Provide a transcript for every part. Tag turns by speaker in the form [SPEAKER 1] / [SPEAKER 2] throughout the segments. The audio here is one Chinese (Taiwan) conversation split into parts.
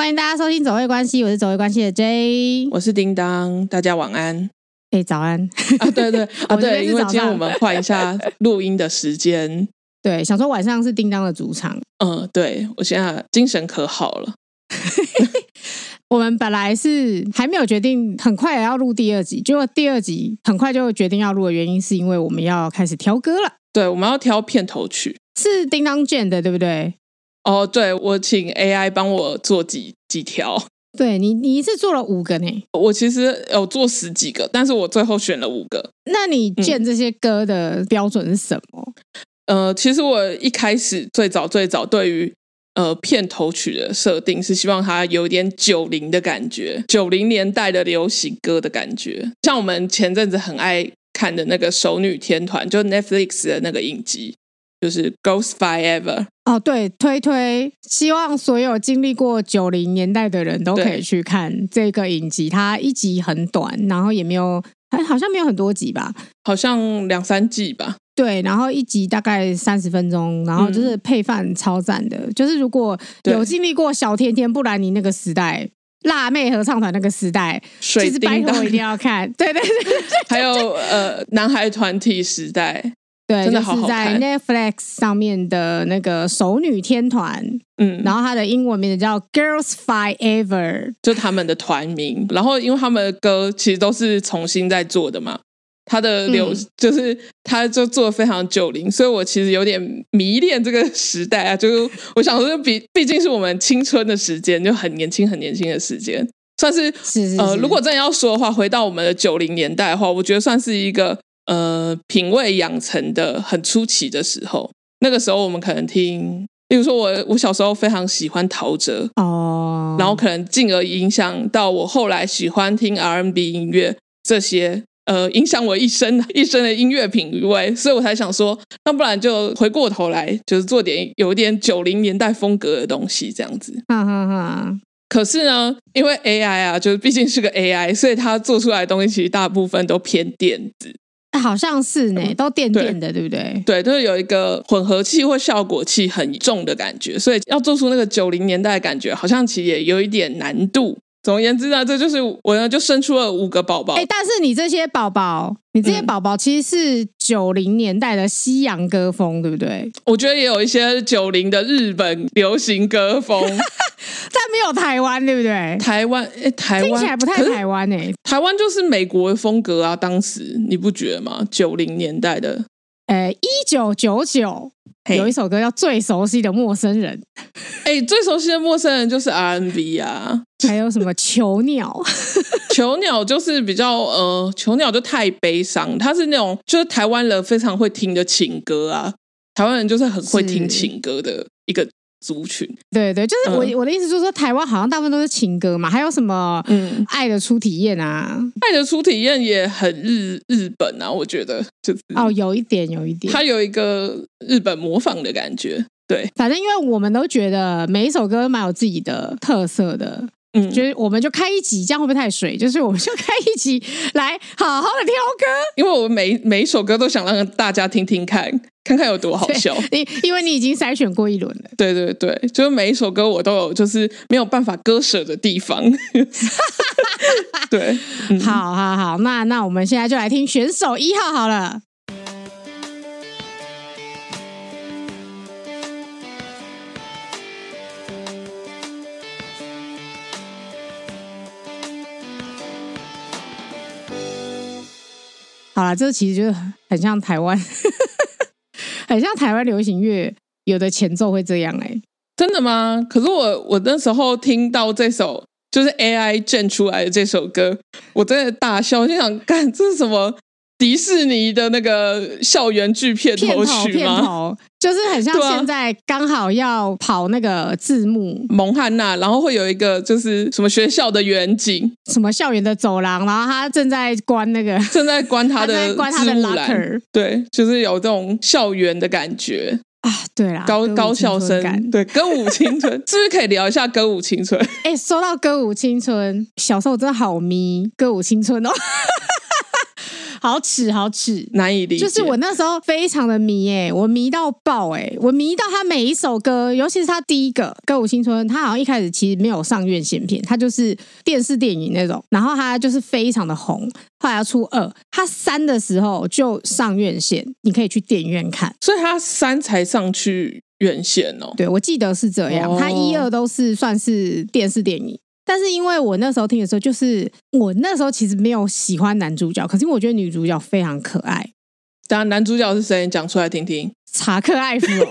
[SPEAKER 1] 歡迎大家收聽《走味關係》，我是《走味關係》的 J，我是叮噹，大家晚安，哎早安啊，對
[SPEAKER 2] 對 啊對，因為今天我們換一下錄音的時
[SPEAKER 1] 間，對，想說晚上是叮噹的主場，嗯、呃，
[SPEAKER 2] 對，我現在精神可好了，
[SPEAKER 1] 我們本來是還沒有決定，很快也要錄第二集，結果第二集很快就決定要錄的原因是因為我們要開始挑歌了，對，我們要挑片頭曲，是叮噹捲的，對不對？
[SPEAKER 2] 哦，oh，對，我請 AI 幫我做幾幾條。
[SPEAKER 1] 對你，你一次做了五個呢？
[SPEAKER 2] 我其實有做十幾個，但是我最後選了五個。
[SPEAKER 1] 那你建這些歌的標準是什麼？嗯。
[SPEAKER 2] 呃，其實我一開始最早最早對於呃片頭曲的設定是希望它有一點九零的感覺，九零年代的流行歌的感覺，像我們前陣子很愛看的那個熟女天團，就 Netflix 的那個影集。就是 Girls 5eva。
[SPEAKER 1] 哦，對，推推，希望所有經歷過九零年代的人都可以去看對這個影集。它一集很短，然後也沒有，哎，好像沒有很多集吧？好像兩三集吧？對，然後一集大概三十分鐘，然後就是配飯超讚的。嗯、就是如果有經歷過小甜甜布蘭妮那個時代，對辣妹合唱團那個時代，水叮噹其實白頭一定要看。
[SPEAKER 2] 對對對，對，還有 呃，男孩團體時代。對，就是在
[SPEAKER 1] Netflix 上面的那個熟女天團，嗯，然後他的英文名字叫 Girls 5eva，
[SPEAKER 2] 就是他們的團名。然後，因為他們的歌其實都是重新在做的嘛，他的流、嗯、就是他就做的非常九零，所以我其實有點迷戀這個時代啊，就是我想說比，比畢竟是我們青春的時間，就很年輕、很年輕的時間，算是，是，是，是呃，如果真的要說的話，回到我們的九零年代的話，我覺得算是一個。呃，品味養成的很初期的時候，那個時候我們可能聽，例如說我，我我小時候非常喜歡陶喆
[SPEAKER 1] 哦，oh. 然後
[SPEAKER 2] 可能進而影響到我後來喜歡聽 r b 音樂這些，呃，影響我一生一生的音樂品味，所以我才想說，那不然就回過頭來，就是做點有一點九零年代風格的東西，這樣子。哈哈哈。可是呢，因為 AI 啊，就是畢竟是個 AI，所以它做出來的東西其實大部分都偏電子。
[SPEAKER 1] 好像是呢、欸，都墊墊的，對,對不
[SPEAKER 2] 對？對，都、就是有一個混合器或效果器很重的感覺，所以要做出那個九零年代的感覺，好像其實也有一點難度。總而言之呢，這就是我呢就生出了五個寶寶。哎，但
[SPEAKER 1] 是你這些寶寶，你這些寶寶其實是九零年代的西洋歌風，嗯、對不對？
[SPEAKER 2] 我覺得也有一些九零的日本流行歌風。
[SPEAKER 1] 有台灣對不對？台灣哎，台灣聽起來不太台灣哎、欸。
[SPEAKER 2] 台灣就是美國的風格啊，當時你不覺得嗎？九零年代的，
[SPEAKER 1] 哎，一九九九有一首歌叫《最熟悉的陌生人》。
[SPEAKER 2] 哎，最熟悉的陌生人就是 R&B 啊，
[SPEAKER 1] 還有什麼囚鳥？
[SPEAKER 2] 囚 鳥就是比較呃，囚鳥就太悲傷，它是那種就是台灣人非常會聽的情歌啊。台灣人就是很會聽情歌的一個。族群
[SPEAKER 1] 對對，就是我我的意思，就是說、呃、台灣好像大部分都是情歌嘛，還有什麼嗯，愛的初體驗啊，嗯、愛的初體
[SPEAKER 2] 驗也很日日本啊，我覺得就
[SPEAKER 1] 是、哦，有一點有一點，它
[SPEAKER 2] 有一個日本模仿的感覺，對，
[SPEAKER 1] 反正因為我們都覺得每一首歌蠻有自己的特色的。嗯，覺得我們就開一集，這樣會不會太水？就是我們就開一集來
[SPEAKER 2] 好好的挑歌，因為我每每一首歌都想讓大家聽聽看，看看有多好笑。因因為你已經篩選過一輪了， 對對對，就是每一首歌我都有，就是沒有辦法割捨的地方。
[SPEAKER 1] 對，嗯、好好好，那那我們現在就來聽選手一號好了。好了，這其實就是很像台灣， 很像台灣流行樂，有的前奏會這樣哎。欸，真的嗎？可是我我那時候
[SPEAKER 2] 聽到這首就是 AI 震出來的這首歌，我真的大笑，我就想，幹這是什麼？迪士尼的那個校園劇片頭曲嗎片頭片
[SPEAKER 1] 頭？就是很像現在剛好要跑那個字幕、啊、蒙漢娜，然
[SPEAKER 2] 後會有一個就是什麼學校的遠景，
[SPEAKER 1] 什麼校園的走廊，然後他正在關那個正在關他的他關他的,資物 的 Locker、
[SPEAKER 2] 對，就是有這種校園的感覺啊。對啦高感高校生對歌舞青春， 是不是可以聊一下歌舞
[SPEAKER 1] 青春？哎，說到歌舞青春，小時候真的好迷歌舞青春哦。 好痴好痴，難以理解。就是我那時候非常的迷哎、欸，我迷到爆哎、欸，我迷到他每一首歌，尤其是他第一個《歌舞青春》，他好像一開始其實沒有上院線片，他就是電視電影那種，然後他就是非常的紅。後來要出二，他三的時候就上院線，你可以去電影院看，所以他三才上去院線哦。對，我記得是這樣，他一二都是算是電視電影。但是因為我那時候聽的時候，就是我那時候其實沒有喜歡男主角，可是因為我覺得女主角非常可愛。
[SPEAKER 2] 當然，男主角是誰？你講出來聽聽。查
[SPEAKER 1] 克·艾弗隆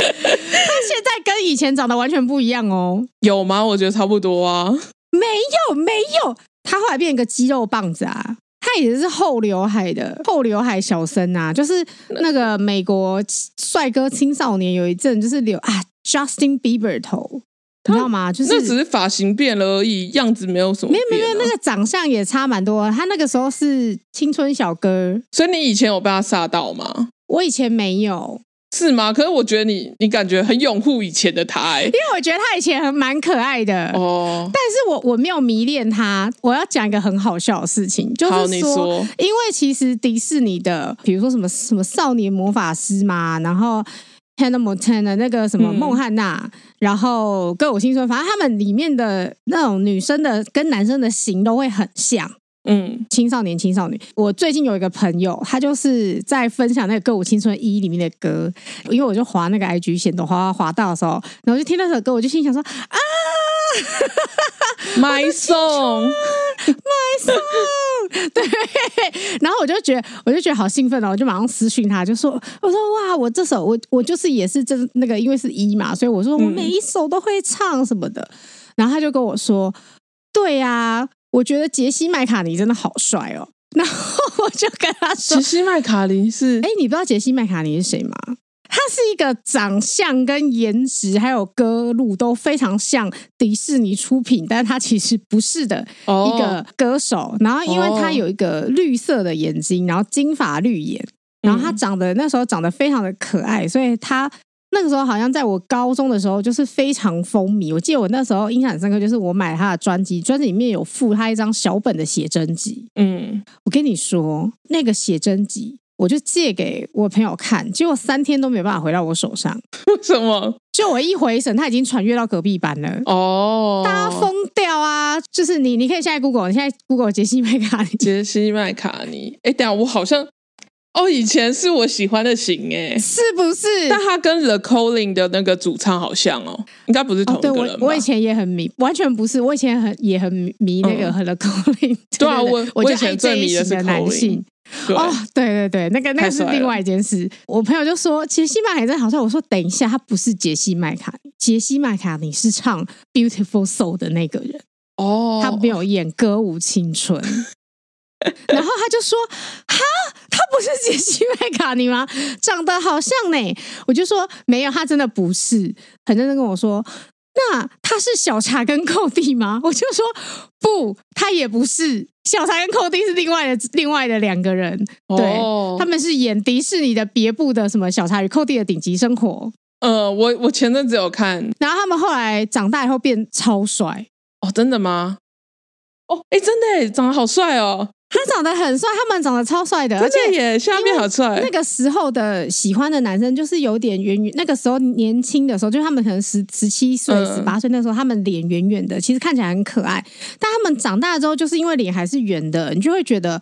[SPEAKER 1] 他現在跟以前長得完全不一樣哦。有嗎？我覺得差不多啊。沒有，沒有。他後來變成一個肌肉棒子啊，他也是厚瀏海的，厚瀏海小生啊，就是那個美國帥哥青少年，有一陣就是留啊，Justin Bieber 頭。他你知道嗎？就是那只是
[SPEAKER 2] 髮型變了而已，樣子沒有什麼變、啊沒。沒有沒有，
[SPEAKER 1] 那個長相也差蠻多。他那個時候是青春小哥，所以你以前有被他煞到嗎？我以前沒有，
[SPEAKER 2] 是嗎？可是我覺得你你感覺很擁護以前的他、欸，
[SPEAKER 1] 因為我覺得他以前還蠻可愛的哦。但是我我沒有迷戀他。我要講一個很好笑的事情，就是說，好，你說。因為其實迪士尼的，比如說什麼什麼少年魔法師嘛，然後。Ten 的那個什麼孟漢娜，嗯、然後歌舞青春，反正他們裡面的那種女生的跟男生的型都會很像，嗯，青少年、青少女。我最近有一個朋友，他就是在分享那個《歌舞青春一,一》裡面的歌，因為我就滑那個 I G 線，都滑滑滑到的時候，然後就聽那首歌，我就心想說啊 ，My Song，My Song。My song. 對，然後我就覺得，我就覺得好興奮哦，我就馬上私訊他，就說：“我說哇，我這首我我就是也是真那個，因為是一、e、嘛，所以我說我每一首都會唱什麼的。嗯”然後他就跟我說：“對呀、啊，我覺得傑西麥卡尼真的好帥哦。”然後我就跟他說：“傑西麥卡尼是……哎，你不知道傑西麥卡尼是誰嗎？”他是一個長相跟顏值還有歌路都非常像迪士尼出品，但是他其實不是的一個歌手。Oh, 然後因為他有一個綠色的眼睛，oh. 然後金髮綠眼，然後他長得、嗯、那時候長得非常的可愛，所以他那個時候好像在我高中的時候就是非常風靡。我記得我那時候印象深刻， 就是我買他的專輯，專輯裡面有附他一張小本的寫真集。嗯，我跟你說，那個寫真集。我就借給我朋友看，結果三天都沒辦法回到我手上。為什麼？就我一回神，他已經穿越到隔壁班了。哦、oh，大家瘋掉啊！就是你，你可以下 Google，你下 Google 傑西麥卡尼。傑西麥卡尼，哎，等下我好像。
[SPEAKER 2] 哦，以前是我喜歡的型誒，是不是？但他跟 The Calling 的那個主唱好像哦，應該不是同一個人吧？、哦、對我，
[SPEAKER 1] 我以前也很迷，完全不是。我以前也很也很迷那個 The Calling，、嗯、對啊，我我，我以前最迷的是男性。哦，對對對，那個那個是另外一件事。我朋友就說，傑西麥卡尼真好笑。我說，等一下，他不是傑西麥卡尼，傑西麥卡尼是唱 Beautiful Soul 的那個人哦，他沒有演歌舞青春。 然後他就說。不是傑西·麥卡尼嗎？長得好像呢、欸，我就說沒有，他真的不是。很認真跟我說，那他是小查跟寇弟嗎？我就說不，他也不是。小查跟寇弟是另外的另外的兩個人，哦、對，他們是演迪士尼的別部的什麼小查與寇弟的頂級生活。
[SPEAKER 2] 呃，我我前陣子有看，
[SPEAKER 1] 然後他們後來長大以後變超帥哦，真的嗎？哦，哎，真的，長得好帥哦。他長得很帥，他們長得超帥的，而且也下面好帥。那個時候的喜歡的男生就是有點圓圓，那個時候年輕的時候，就他們可能十十七歲、十八歲那時候，呃、他們臉圓圓的，其實看起來很可愛。但他們長大之後，就是因為臉還是圓的，你就會覺得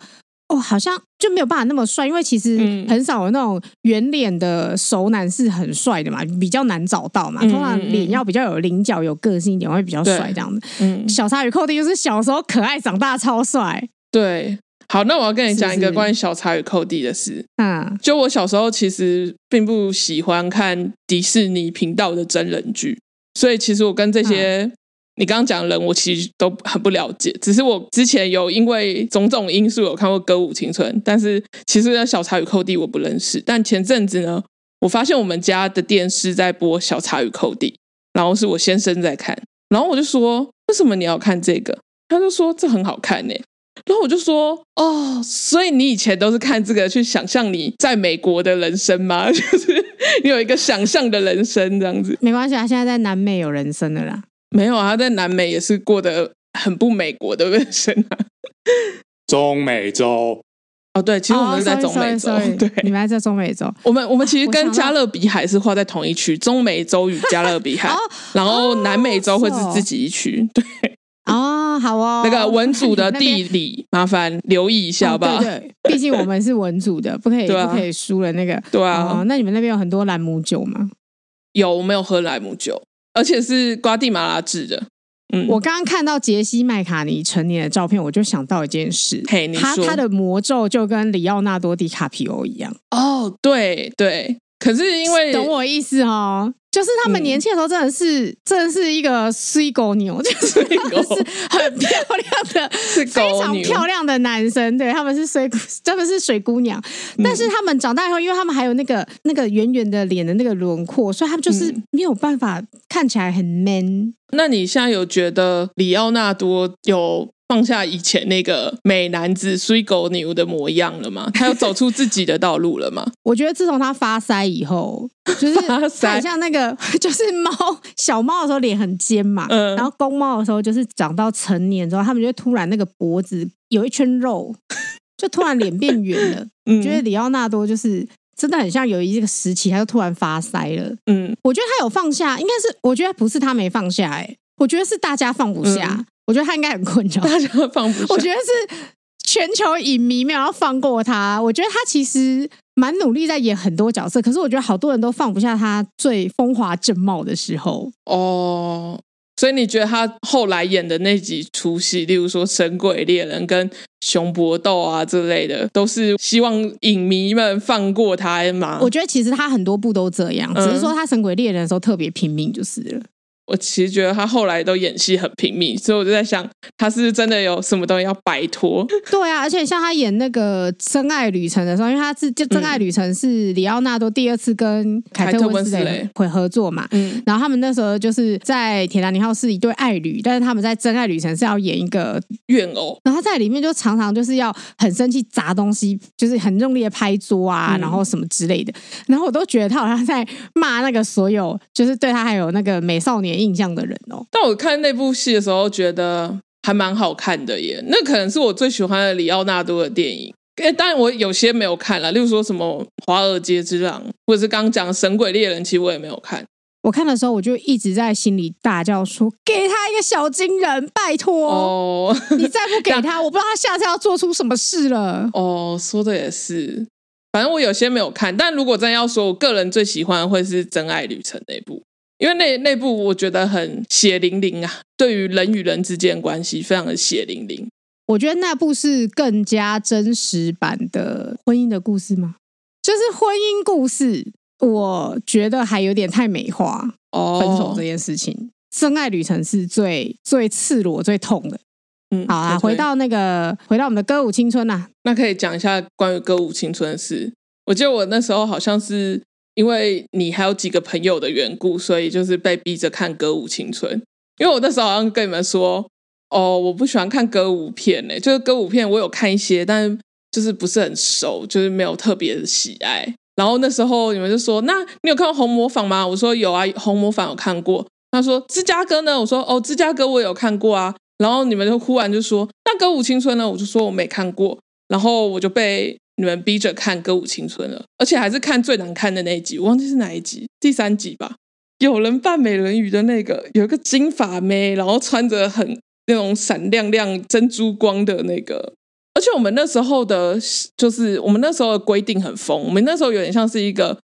[SPEAKER 1] 哦，好像就沒有辦法那麼帥。因為其實很少有那種圓臉的熟男是很帥的嘛，比較難找到嘛，通常臉要比較有稜角、有個性一點會比較帥。這樣子，嗯、小鯊魚寇丁就是小時候可愛，長大超帥。對，
[SPEAKER 2] 好，那我要跟你講一個關於《小查與寇弟》的事。
[SPEAKER 1] 嗯，
[SPEAKER 2] 啊、就我小時候其實並不喜歡看迪士尼頻道的真人劇，所以其實我跟這些你剛剛講的人，我其實都很不了解。只是我之前有因為種種因素有看過《歌舞青春》，但是其實《小查與寇弟》我不認識。但前陣子呢，我發現我們家的電視在播《小查與寇弟》，然後是我先生在看，然後我就說：“為什麼你要看這個？”他就說：“這很好看，欸。”哎。然後我就說哦，所以你以前都是看這個去想象你在美國的人生嗎？就是你有一個想象的人生這樣子。
[SPEAKER 1] 沒關係，他、啊、現在在南美有人生的啦。
[SPEAKER 2] 沒有啊，他在南美也是過得很不美國的人生啊。
[SPEAKER 1] 中美洲
[SPEAKER 2] 哦，對，其實我們是在中美洲，oh, sorry,
[SPEAKER 1] sorry, sorry 對，你們在中美洲。我們我們
[SPEAKER 2] 其實跟加勒比海是劃在同一區，中美洲與加勒比海， 哦、然後南美洲會是自己一區，哦、對。
[SPEAKER 1] 哦，好哦，那個文組的地理，
[SPEAKER 2] 麻煩留意一下吧，好不好？對對，
[SPEAKER 1] 對，畢竟我們是文組的， 不可以不可以輸了那個。對啊，嗯、對啊，那你們那邊有很多蘭姆酒嗎？
[SPEAKER 2] 有，我沒有喝蘭姆酒，而且是瓜地馬拉製的。
[SPEAKER 1] 嗯，我剛剛看到傑西麥卡尼成年的照片，我就想到一件事，嘿，他他的魔咒就跟李奧納多·迪卡皮歐一樣。哦，對對。可是因為懂我意思哦，就是他們年輕的時候真的是、嗯、真的是一個水狗牛，就是、是很漂亮的、非常漂亮的男生，對，他們是水，他們是水姑娘。嗯、但是他們長大以後，因為他們還有那個那個圓圓的臉的那個輪廓，所以他們就是沒有辦法、嗯、看起來很 man。
[SPEAKER 2] 那你現在有覺得李奧納多有？放下以前那個美男子水狗、牛的模樣了嗎？他要走出自己的道路了嗎？
[SPEAKER 1] 我覺得自從他發腮以後，就是他很像那個，就是貓小貓的時候臉很尖嘛，嗯、然後公貓的時候就是長到成年之後，他們就突然那個脖子有一圈肉，就突然臉變圓了。 嗯，我覺得李奧納多就是真的很像有一個時期，他就突然發腮了。嗯，我覺得他有放下，應該是我覺得不是他沒放下、欸，哎，我覺得是大家放不下。嗯我覺得他應該很困擾，大家放不下。 我覺得是全球影迷沒有要放過他。我覺得他其實蠻努力在演很多角色，可是我覺得好多人都放不下他最風華正茂的時候。哦，
[SPEAKER 2] 所以你覺得他後來演的那幾出戲，例如說《神鬼獵人》跟《熊搏鬥》啊這類的，都是希望影迷們放過他嗎？我
[SPEAKER 1] 覺得其實他很多部都這樣，只是說他《神鬼獵人》的時候特別拼命就是了。
[SPEAKER 2] 我其實覺得他後來都演戲很拼命，所以我就在想，他是不是真的有什麼東西要擺脫？
[SPEAKER 1] 對啊，而且像他演那個《真愛旅程》的時候，因為他是就《真愛旅程》是李奧納多第二次跟凱特溫絲蕾會合作嘛，嗯，然後他們那時候就是在《鐵達尼號》是一對愛侶，但是他們在《真愛旅程》是要演一個怨偶，然後在裡面就常常就是要很生氣砸東西，就是很用力的拍桌啊，嗯、然後什麼之類的，然後我都覺得他好像在罵那個所有，就是對他還有那個美少年。印象的人哦，
[SPEAKER 2] 但我看那部戲的時候覺得還蠻好看的耶，那可能是我最喜歡的李奧納多的電影。哎、欸，但我有些沒有看了，例如說什麼《華爾街之狼》，或者是剛剛講的《神鬼獵人》，其實我也沒有看。
[SPEAKER 1] 我看的時候，我就一直在心裡大叫說：“
[SPEAKER 2] 給他一個小金人，拜託！哦、你再不給他，但我不知道他下次要做出什麼事了。”哦，說的也是。反正我有些沒有看，但如果真要說，我個人最喜歡的會是《真愛旅程》那部。因為那那部我覺得很血淋淋啊，對於人與人之間關係非常的血淋淋。
[SPEAKER 1] 我覺得那部是更加真實版的婚姻的故事嗎？就是婚姻故事，我覺得還有點太美化，哦、分手這件事情。真愛旅程是最最赤裸、最痛的。嗯，好啊，嗯、對對，回到那個，回到我們的歌舞青春吶、啊。那
[SPEAKER 2] 可以講一下關於歌舞青春的事。我記得我那時候好像是。因為你還有幾個朋友的緣故，所以就是被逼着看《歌舞青春》。因為我那時候好像跟你們說，哦，我不喜歡看歌舞片嘞、欸，就是歌舞片我有看一些，但就是不是很熟，就是沒有特別的喜愛。然後那時候你們就說，那你有看過《紅磨坊》嗎？我說有啊，《紅磨坊》有看過。他說芝加哥呢？我說哦，芝加哥我有看過啊。然後你們就忽然就說，那《歌舞青春》呢？我就說我沒看過。然後我就被。你們逼着看《歌舞青春》了，而且還是看最難看的那一集，我忘記是哪一集，第三集吧。有人扮美人魚的那個，有一個金髮妹，然後穿着很那種閃亮亮、珍珠光的那個。而且我們那時候的，就是我們那時候的規定很瘋，我們那時候有點像是一個，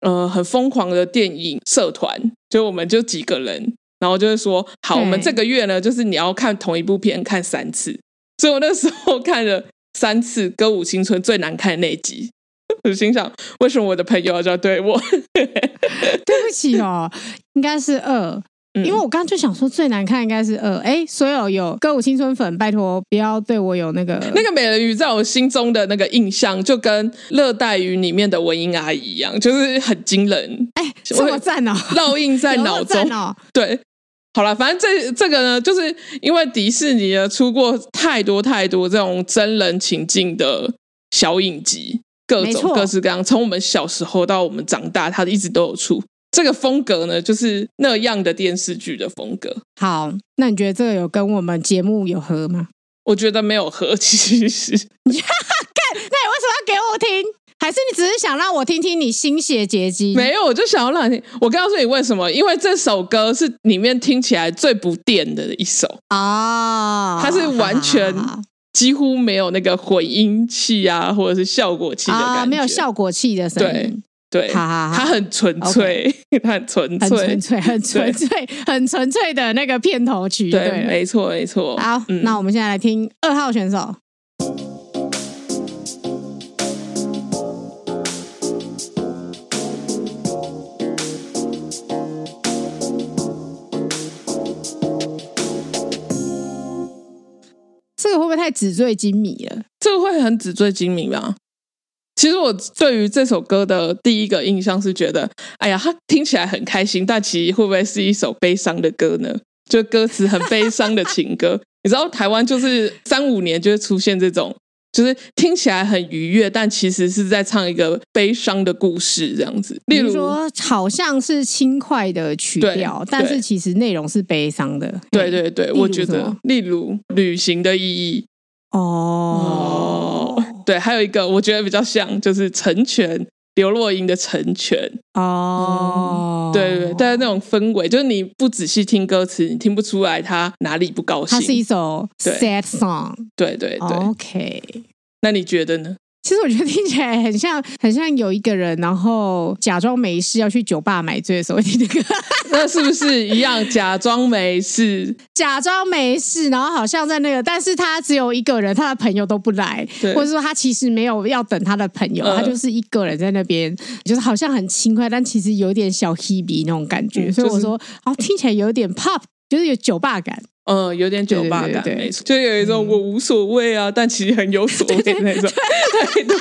[SPEAKER 2] 呃，很瘋狂的電影社團。所以我們就幾個人，然後就是說：“好，對我們這個月呢，就是你要看同一部片看三次。”所以我那時候看了。三次歌舞青春，最難看的那一集，我心想為什麼我的朋友要這樣對我？
[SPEAKER 1] 對不起哦，應該是二，嗯、因為我剛剛就想說最難看應該是二。哎，所有有歌舞青春粉，拜托不要對我有那個那個
[SPEAKER 2] 美人魚在我心中的那個印象，就跟《熱帶魚》裡面的文英阿姨一樣，就是很驚人。哎，這麼讚哦，烙印在腦中、哦、對。好啦，反正這這個呢，就是因為迪士尼呢出過太多太多這種真人情境的小影集，各種沒錯各式各樣，從我們小時候到我們長大，它一直都有出。這個風格呢，就是那樣的電視劇的風格。
[SPEAKER 1] 好，那你覺得這個有跟我們節目有合嗎？
[SPEAKER 2] 我覺得沒有合，其實。
[SPEAKER 1] 你看， 那你為什麼要給我聽？還是你只是想讓我聽聽你心血
[SPEAKER 2] 結晶？沒有，我就想要讓你。我告訴你為什麼？因為這首歌是裡面聽起來最不電的一首啊！它是完全幾乎沒有那個混音器啊，或者是效果器的感覺，沒有
[SPEAKER 1] 效果器的聲音。對
[SPEAKER 2] 對，它很純粹，它很純粹，很純
[SPEAKER 1] 粹，很純粹，很純粹的那個片頭曲。對，沒錯沒錯。好，那我們現在來聽二號選手。這個會不會太紙醉金迷了？
[SPEAKER 2] 這個會很紙醉金迷吧？其實我對於這首歌的第一個印象是覺得，哎呀，它聽起來很開心，但其實會不會是一首悲傷的歌呢？就歌詞很悲傷的情歌， 你知道台灣就是三五年就會出現這種。就是聽起來很愉悅，但其實是在唱一個悲傷的故事，這樣子。例如，比如說，
[SPEAKER 1] 好像是輕快的曲調，對但是其實內容是悲傷的。
[SPEAKER 2] 對對對，我覺得，例如《旅行的意義》哦，對，還有一個我覺得比較像，就是成全劉若英的成全
[SPEAKER 1] 哦。嗯對
[SPEAKER 2] 對，但是那種氛圍，就是你不仔細聽歌詞，你聽不出來他哪裡不高興。他是一首 sad
[SPEAKER 1] song，對
[SPEAKER 2] 對對。對對對 OK，那你覺得呢？
[SPEAKER 1] 其實我覺得聽起來很像，很像有一個人，然後假裝沒事要去酒吧買醉的時候聽的歌， 那
[SPEAKER 2] 是不是一樣？假裝沒事，
[SPEAKER 1] 假裝沒事，然後好像在那個，但是他只有一個人，他的朋友都不來，對或者說他其實沒有要等他的朋友，他就是一個人在那邊，呃、就是好像很輕快，但其實有點小 Hebe 那種感覺，嗯就是、所以我說，哦，聽起來有點 pop。就是有酒吧感，嗯、呃，有點酒吧感，對
[SPEAKER 2] 對對對沒錯，就有一種我無所謂啊，嗯、但其實很有所謂那種態度，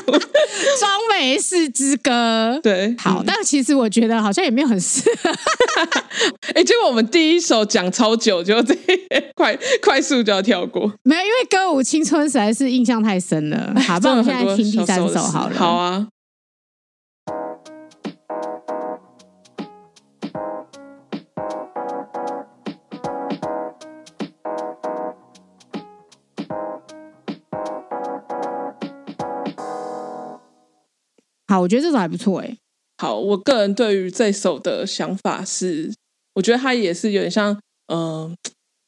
[SPEAKER 1] 裝沒事之歌，對，好，嗯、但其實我覺得好像也沒有很適合。哎、嗯 欸，結果我們第一首講超
[SPEAKER 2] 久，就這 快快速就要跳過，
[SPEAKER 1] 沒有，因為歌舞青春實在是印象太深了。唉好，那我們現在聽第三首好了，好啊。我覺得這首還不錯哎、
[SPEAKER 2] 欸。好，我個人對於這首的想法是，我覺得它也是有點像，嗯、呃，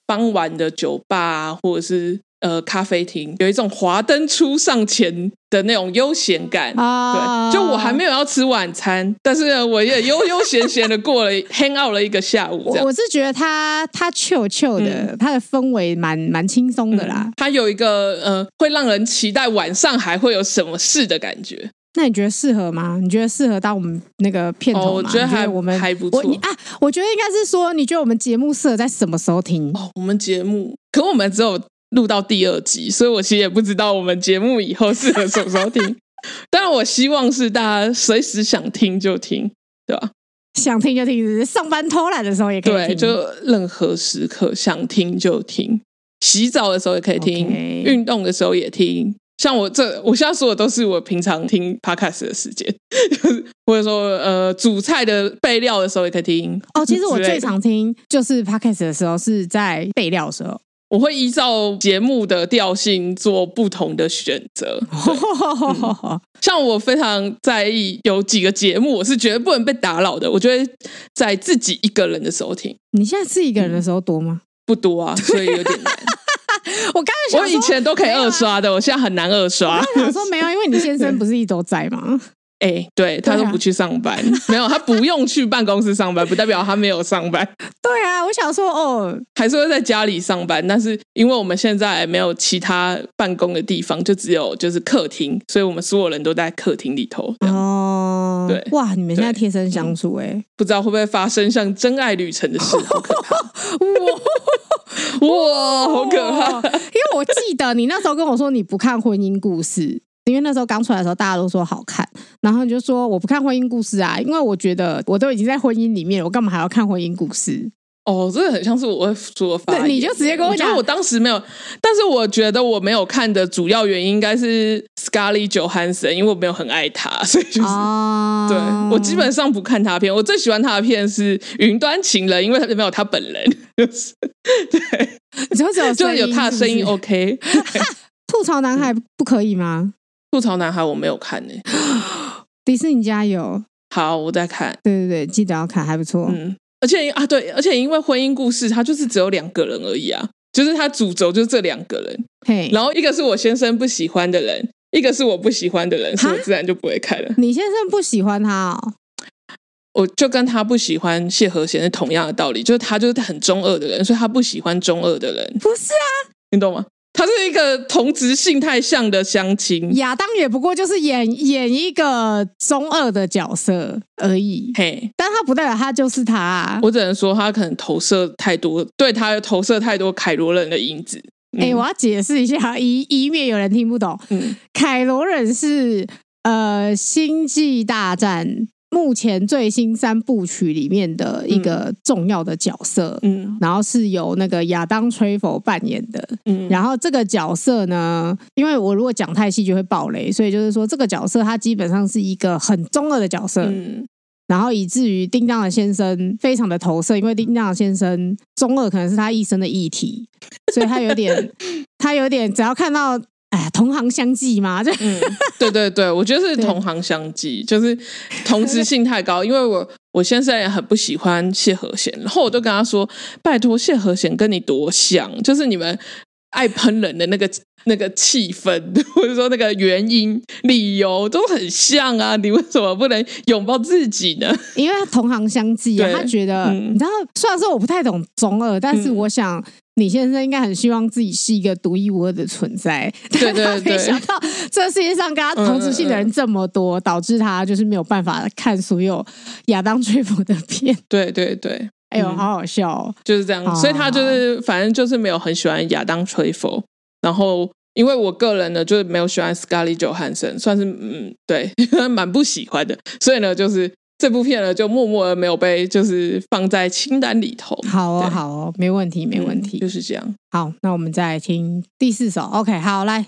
[SPEAKER 2] 傍晚的酒吧或者是呃咖啡廳，有一種華燈初上前的那種悠閒感啊。Uh、對，就我還沒有要吃晚餐，但是我也悠悠閒閒的過了 hang out 了一個下午。我
[SPEAKER 1] 是覺得它它 chill chill 的，嗯、它的氛圍蠻蠻，蠻輕鬆的啦。嗯嗯、它
[SPEAKER 2] 有一個呃，會讓人期待晚上還會有什麼事的感覺。
[SPEAKER 1] 那你覺得適合嗎？你覺得適合當我們那個片頭嗎？哦，我覺得，還覺得我們還不錯。啊，我覺得應該是說，你覺得我們節目適合在什麼時候聽？哦，我們節目，
[SPEAKER 2] 可我們只有錄到第二集，所以我其實也不知道我們節目以後適合什麼時候聽。但 我希望是大家隨時想聽就聽，對吧？
[SPEAKER 1] 想聽就聽是不是，上班偷懶的時候也可以聽。對，就
[SPEAKER 2] 任何時刻想聽就聽，洗
[SPEAKER 1] 澡的時候也可以聽，Okay.
[SPEAKER 2] 運動的時候也聽。像我這，我現在說的都是我平常聽 podcast 的時間，就是、或者說呃，煮菜，的備料的時候也可以聽。哦，其實我最常
[SPEAKER 1] 聽就是 podcast 的時候是在備料的時候。
[SPEAKER 2] 我會依照節目的調性做不同的選擇。哦嗯、像我非常在意有幾個節目，我是絕對不能被打擾的。我就會在自己一個人的時候聽。
[SPEAKER 1] 你現在是一個人的時候多嗎？嗯、不多啊，所以
[SPEAKER 2] 有點難。 我剛才想說我以前都可以二刷的，啊、我現在很難二刷。我想
[SPEAKER 1] 說沒有、啊，因為你先生不是一直都在嗎？
[SPEAKER 2] 哎、欸，對，他說不去上班，啊、沒有，他不用去辦公室上班，不代表他沒有上班。
[SPEAKER 1] 對啊，我想說，哦，還
[SPEAKER 2] 是會在家裡上班，但是因為我們現在沒有其他辦公的地方，就只有就是客廳，所以我們所有人都在客廳裡頭。哦，對，
[SPEAKER 1] 哇，你們現在貼身相處，哎、嗯，
[SPEAKER 2] 不知道會不會發生像《真愛旅程》的事，
[SPEAKER 1] 好可怕 哇，好可怕！因為我記得你那時候跟我說你不看婚姻故事。因為那時候剛出來的時候，大家都說好看，然後你就說我不看婚姻故事啊，因為我覺得我都已經在婚姻裡面了，我幹嘛還要看婚姻故事？哦，這很像是我我
[SPEAKER 2] 的發，對，你就直接跟我講，我，我當時沒有，但是我覺得我沒有看的主要原因應該是 Scarlett Johansson，因為我沒有很愛他，所以就是、哦、對，我基本上不看他的片。我最喜歡他的片是《雲端情人》，因為他沒有他本人，
[SPEAKER 1] 就是對，你就只有有就有他的聲音是是 OK，吐槽男孩不，、嗯、不可以嗎？吐槽男孩我沒有看呢、欸。迪士尼加有。好，我再看。對對對，記得要看，還不錯。嗯，而
[SPEAKER 2] 且啊，對，而且因為婚姻故事，他就是只有兩個人而已啊，就是他主軸就是這兩個人。嘿 Hey，然後一個是我先生不喜歡的人，一個是我不喜歡的人，哈所以我自然就不會看了。
[SPEAKER 1] 你先生不喜歡他哦？
[SPEAKER 2] 我就跟他不喜歡謝和弦是同樣的道理，就是他就是很中二的人，所以他不喜歡中二的人。不是啊，你懂嗎？他是一個同質性太像的相親，亞
[SPEAKER 1] 當也不過就是演演一個中二的角色而已，嘿，但他不代表他就是他，啊，我只能說他可能
[SPEAKER 2] 投射太多，對他的投射太多凱羅人的影子。哎，嗯欸，我要
[SPEAKER 1] 解釋一下，以以免有人聽不懂。嗯，凱羅人是呃，《星際大戰》。目前最新三部曲裡面的一個重要的角色，嗯，然後是由那個亞當·崔佛扮演的，嗯，然後這個角色呢，因為我如果講太細就會爆雷，所以就是說這個角色他基本上是一個很中二的角色，嗯，然後以至於叮噹的先生非常的投射，因為叮噹先生中二可能是他一生的議題，所以他有點， 他有點只要看到，哎呀，同行相忌嘛，就、嗯、
[SPEAKER 2] 對對對，我覺得是同行相忌，對就是同質性太高。因為我我先生也很不喜歡謝和弦，然後我就跟他說：“拜託，謝和弦跟你多像，就是你們愛噴人的那個那個氣氛，或者說那個原因理由都很像啊，你為什麼不能擁抱自己呢？”
[SPEAKER 1] 因為他同行相忌啊，對他覺得、嗯、你知道，雖然說我不太懂中二，但是我想。嗯。李先生應該很希望自己是一個獨一無二的存在，對對對，但他沒想到這個世界上跟他同質性的人這麼多，嗯嗯、導致他就是沒有辦法看所有亞當吹拂的片。對對對，哎呦，嗯、好好笑
[SPEAKER 2] 哦，就是這樣。好好好好，所以他就是反正就是沒有很喜歡亞當吹拂，然後因為我個人呢就是沒有喜歡斯卡利·久漢森，算是嗯對，蠻 不喜歡的。所以呢，就是。這部片呢，就默默的沒有被就是放在清單裡頭。
[SPEAKER 1] 好哦，對好哦，沒問題，沒問題，嗯，就是這樣。好，那我們再來聽第四首。OK，好，來。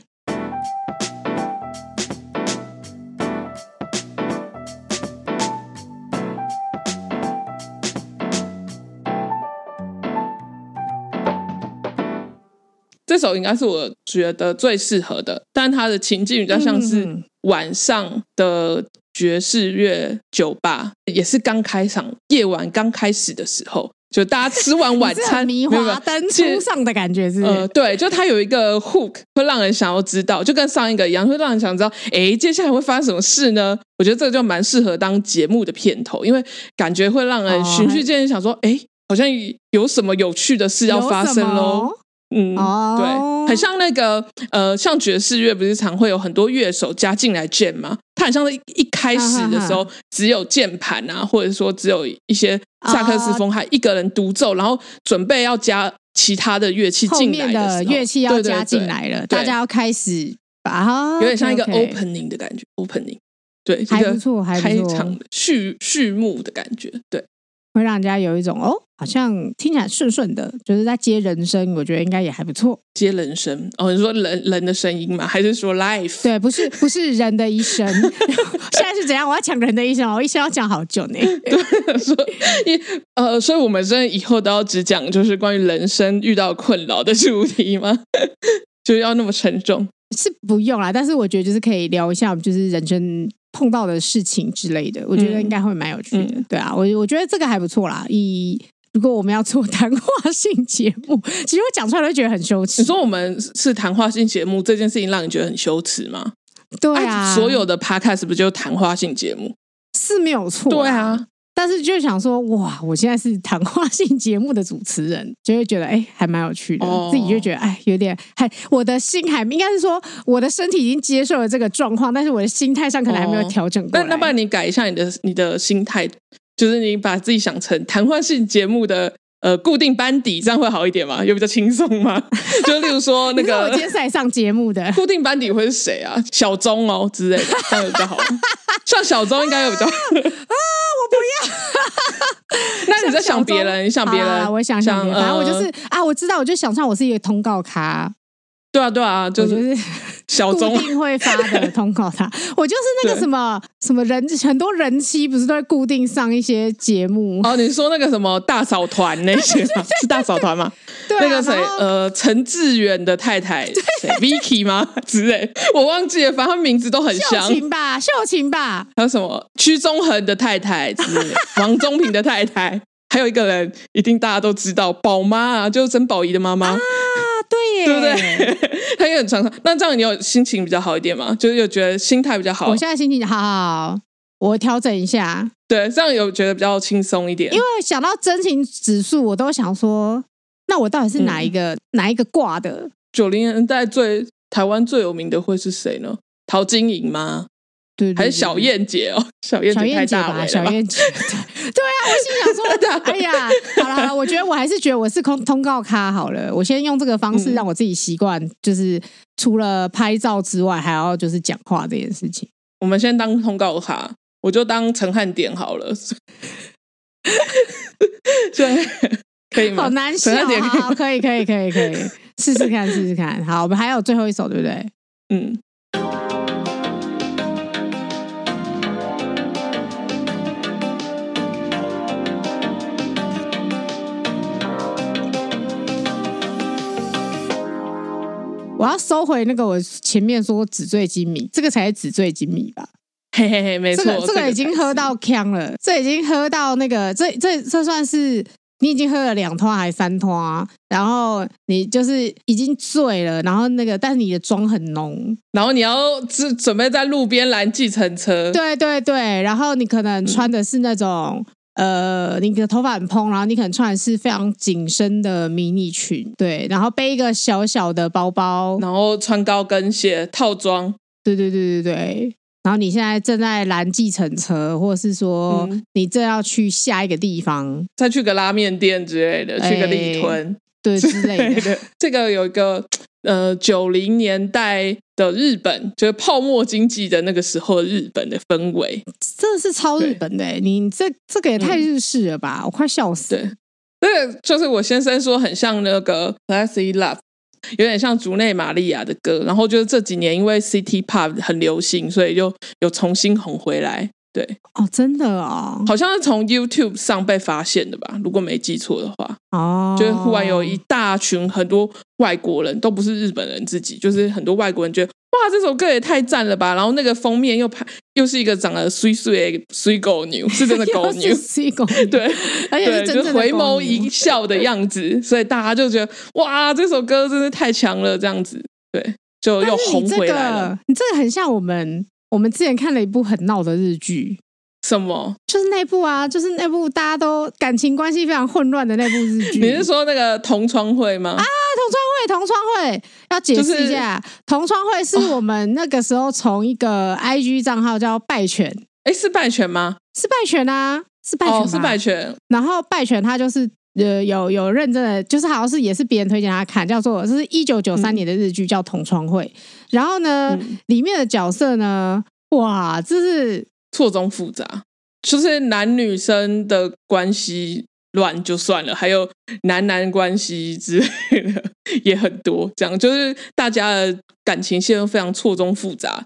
[SPEAKER 2] 這首應該是我覺得最適合的，但它的情境比較像是晚上的。嗯。嗯爵士樂酒吧也是剛開場，夜晚剛開始的時候，就大家吃完晚餐，霓虹燈初上的感覺是，是，呃，對，就它有一個 hook，會讓人想要知道，就跟上一個一樣，會讓人想知道，哎，接下來會發生什麼事呢？我覺得這個就蠻適合當節目的片頭，因為感覺會讓人循序漸進，想說，哎、oh，，好像有什麼有趣的事要發生嘍。嗯
[SPEAKER 1] ，oh，對，很
[SPEAKER 2] 像那個，呃，像爵士樂不是常會有很多樂手加進來 jam 嗎？像是一開始的時候，只有鍵盤啊，或者說只有一些薩克斯風，還一個人獨奏，然後準備要加其他的樂器進來的時候，樂器要加進來了，對，大家要
[SPEAKER 1] 開始把有點像一個 opening
[SPEAKER 2] 的感覺，opening，對，這個開場的序，還不錯，序
[SPEAKER 1] 幕的感覺，對。會讓人家有一種哦，好像聽起來順順的，就是在接人生，我覺得應該也還不錯。接人生哦，你說人人的聲音嗎？還是說 life？對，不是不是人的一生， 現在是怎樣？我要講人的一生，我一生要講好久呢。對，
[SPEAKER 2] 所以呃，所以我們真的以後都要只講，就是關於人生遇到困擾的主題嗎？就要那麼沉重？
[SPEAKER 1] 是不用啦，但是我覺得就是可以聊一下，我們就是人生。碰到的事情之類的，我覺得應該會蠻有趣的。嗯嗯、對啊，我我覺得這個還不錯啦。如果我們要做談話性節目，其實我講出來都覺得很羞恥。你說我們是談話性節目這件事情，讓你覺得很羞恥
[SPEAKER 2] 嗎？對啊，啊，所有的 podcast 不就是就談話性節目
[SPEAKER 1] 是沒有錯？對啊。但是就想說，哇，我現在是談話性節目的主持人，就會覺得，哎、欸，還蠻有趣的。Oh. 自己就覺得，哎，有點還，我的心還應該是說，我的身體已經接受了這個狀況，但是我的心態上可能還沒有調整
[SPEAKER 2] 過那、oh. 那不然你改一下你的你的心態，就是你把自己想成談話性節目的。呃，固定班底這樣會好一點嗎？又比較輕鬆嗎？ 就例如說那個，我今天
[SPEAKER 1] 在上節目的固定班底會是誰
[SPEAKER 2] 啊？小鍾哦之類的，這樣也比較好。 像小鍾應該也比較好啊，啊，我不要。
[SPEAKER 1] 那你在想別人？你想別人、啊？我想想別人，然後想我就是啊，我知道，我就想上，我是一個通告咖。對啊，對啊，就是小鍾、啊、一定會發的通告，他 對 我就是那個什麼什麼人，很多人妻不是都會固定上一些節目哦？你說那個什麼大嫂團那些是大嫂團嗎？
[SPEAKER 2] 對對對對那個誰呃，陳志遠的太太，誰 Vicky 嗎？對之類， 我忘記了，反正名字都很像。秀琴吧，秀琴吧，還有什麼屈中恆的太太，王中平的太太， 還有一個人，一定大家都知道，寶媽啊，就是曾寶儀的媽媽。啊對，對不對？呵呵，他也很長壽。那這樣你有心情比較好一點嗎？就是有覺得心態比較好。我現
[SPEAKER 1] 在心情好好，我調整一下。對，這
[SPEAKER 2] 樣有覺得比較輕鬆一點。因為
[SPEAKER 1] 想到真情指數，我都想說，那我到底是哪一個、嗯、哪一個卦的？
[SPEAKER 2] 九零年代最台灣最有名的會是誰呢？陶晶瑩嗎？對對對，還是小燕姐哦，小燕
[SPEAKER 1] 姐太大了，小燕姐。對啊，我心想說的，哎呀，好了，我覺得我還是覺得我是通通告咖。好了，我先用這個方式讓我自己習慣，就是除了拍照之外，還要就是講話這件事情。嗯、我們
[SPEAKER 2] 先當通告咖，我就當陳漢典好
[SPEAKER 1] 了。所以，可以嗎？陳漢典好，可以，可以，可以，可以，試試看，試試看。好，我們還有最後一首，對不對？嗯。我要收回那個我前面說紙醉金迷，這個才是紙醉金迷吧？嘿
[SPEAKER 2] 嘿嘿，沒錯，這個，這個已
[SPEAKER 1] 經喝到嗆了，這，這已經喝到那個，這這這算是你已經喝了兩拖還是三拖？然後你就是已經醉了，然後那個但是你的妝很濃，然後你要
[SPEAKER 2] 準準備在路邊攔計程車，對
[SPEAKER 1] 對對，然後你可能穿的是那種。嗯。呃，你的頭髮很蓬，然後你可能穿的是非常緊身的迷你裙，對，然後背一個小小的包包，然後穿高跟鞋、套裝，對對對對對，然後你現在正在攔計程車，或者是說、嗯、你正要去下一個地方，
[SPEAKER 2] 再去個拉麵店之類的，去個里屯，對、哎、之類的，之類的 這個有一個。呃，九零年代的日本，就是泡沫經濟的那個時候，日本的氛圍，
[SPEAKER 1] 真的是超日本的。對你這這個也太日式了吧！嗯、我快笑死了。對，
[SPEAKER 2] 那個就是我先生說很像那個《Plastic Love》，有點像竹內瑪利亞的歌。然後就是這幾年因為 City Pop 很流行，所以就有重新紅回來。
[SPEAKER 1] 對，哦，oh, 真的哦，好
[SPEAKER 2] 像是從 YouTube 上被發現的吧，如果沒記錯的話，哦
[SPEAKER 1] ，oh. 就是忽然
[SPEAKER 2] 有一大群很多外國人都不是日本人自己，就是很多外國人覺得，哇，這首歌也太讚了吧！然後那個封面又拍，又是一個長得水水的水狗女，是真的狗女， 水狗牛，對，而且是真的就回眸一笑的樣子，對對對，所以大家就覺得，哇，這首歌真是太強了，這樣子，對，就又紅回來了。是你，這個、
[SPEAKER 1] 你這個很像我們。我們之前看了一部很鬧的日劇，什麼？就是那部啊，就是那部大家都感情關係非常混亂的那部日劇。你是說那個同窗
[SPEAKER 2] 會嗎？
[SPEAKER 1] 啊，同窗會，同窗會，要解釋一下，就是、同窗會是我們那個時候從一個 IG 賬號叫拜泉、
[SPEAKER 2] 哦。誒，是拜泉嗎？
[SPEAKER 1] 是拜泉啊，
[SPEAKER 2] 是拜泉、啊哦。是拜泉，
[SPEAKER 1] 然後拜泉他就是。呃，有有認真的，就是好像是也是別人推薦他看，叫做就是一九九三年的日劇，嗯，叫《同窗會》，然後呢，嗯，裡面的角色呢，哇，就是錯綜複雜，
[SPEAKER 2] 就是男女生的關係亂就算了，還有男男關係之類的也很多，這樣就是大家的感情線都非常錯綜複雜，